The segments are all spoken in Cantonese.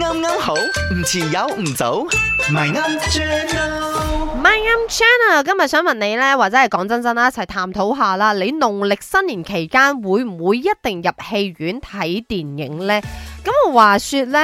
啱啱好，唔遲又唔早，My name is Jennifer。c h a 啊，Channel, 今日想問你呢，或者係講真真啦，一齊探討下啦。你農曆新年期間會唔會一定入戲院睇電影呢？咁話說呢，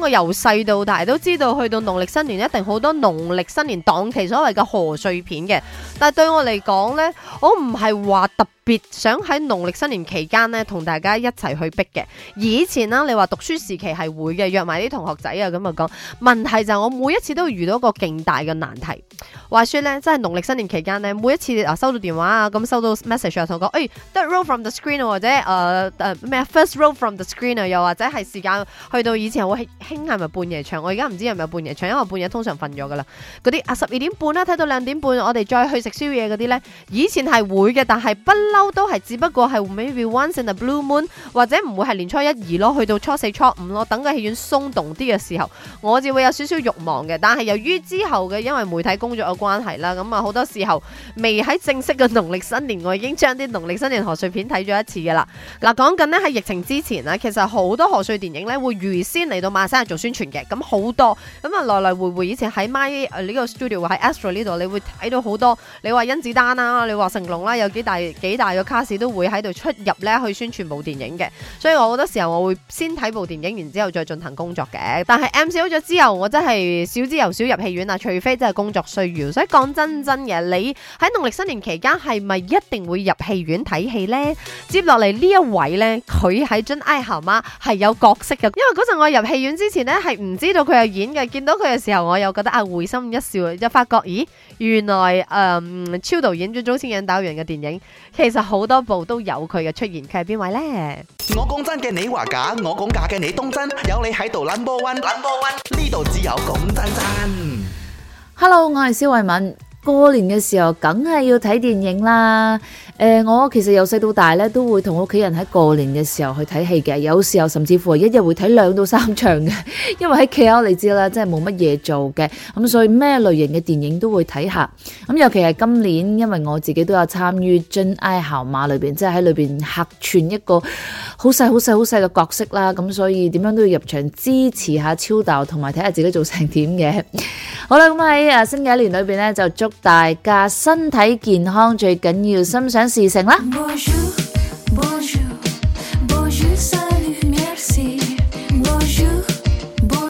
我由細到大都知道，去到農曆新年一定好多農曆新年檔期所謂嘅賀歲片嘅。但係對我嚟講呢，我唔係話特別想喺農曆新年期間呢同大家一齊去逼嘅。以前啦，你話讀書時期係會嘅，約埋啲同學仔啊咁啊講。問題就係我每一次都會遇到一個勁大嘅難題。話說咧，真係農曆新年期間咧，每一次啊收到電話啊，咁收到 message 啊，同我講，誒 third row from the screen、啊、或者誒誒、uh, 咩、uh, first row from the screen 啊，又或者係時間去到以前會興係咪半夜場，我而家唔知係咪半夜場，因為半夜通常瞓咗噶啦。嗰啲啊十二點半啦、啊，睇到兩點半，我哋再去食宵夜嗰啲咧，以前係會嘅，但係不嬲都係只不過係 maybe once in the blue moon，或者唔會係年初一、二咯，去到初四、初五咯，等個戲院鬆動啲嘅時候，我就會有少少慾望嘅。但係由於之後嘅因為媒體工作，關係啦，咁啊好多時候未喺正式嘅農曆新年，我已經將啲農曆新年賀歲片睇咗一次噶啦。嗱、啊，講緊呢，喺疫情之前呢，其實好多賀歲電影呢會預先嚟到馬山做宣傳嘅，咁好多，咁啊來來回回以前喺 my 呢、呃這個 studio，喺 Astro 呢度，你會睇到好多，你話甄子丹啦、啊，你話成龍啦、啊，有幾大幾大嘅 cast 都會喺度出入呢去宣傳部電影嘅。所以我好多時候我會先睇部電影，然之後再進行工作嘅。但係 MCO 咗之後，我真係少之又少入戲院啊，除非真係工作需要。所以講真真嘅，你喺農曆新年期間係咪一定會入戲院睇戲呢？接落嚟，呢一位呢，佢喺《真愛媽媽》係有角色嘅，因為嗰陣我入戲院之前呢，係唔知道佢係演嘅，見到佢嘅時候我又覺得啊，會心一笑，就發覺咦，原來誒、呃，超導演張兆謙導演嘅電影其實好多部都有佢嘅出現，佢係邊位呢？我講真嘅，你話假；我講假嘅，你當真。有你喺度 number one，number one 呢度只有講真真。Hello，我係肖慧敏。過年嘅時候梗係要睇電影啦。誒、呃，我其實由細到大咧都會同屋企人喺過年嘅時候去睇戲嘅，有時候甚至乎係一日會睇兩到三場嘅， 因為喺屋企你知啦，真係冇乜嘢做嘅，咁、嗯、所以咩類型嘅電影都會睇下。咁、嗯、尤其係今年，因為我自己都有參與《Jin I 校馬》裏邊，即係喺裏邊客串一個好細好細好細嘅角色啦。咁、嗯、所以點樣都要入場支持下超逗，同埋睇下自己做成點嘅。好啦，咁喺新嘅一年裏面呢，就祝大家身體健康，最緊要心想事成啦。Bonjour, Bonjour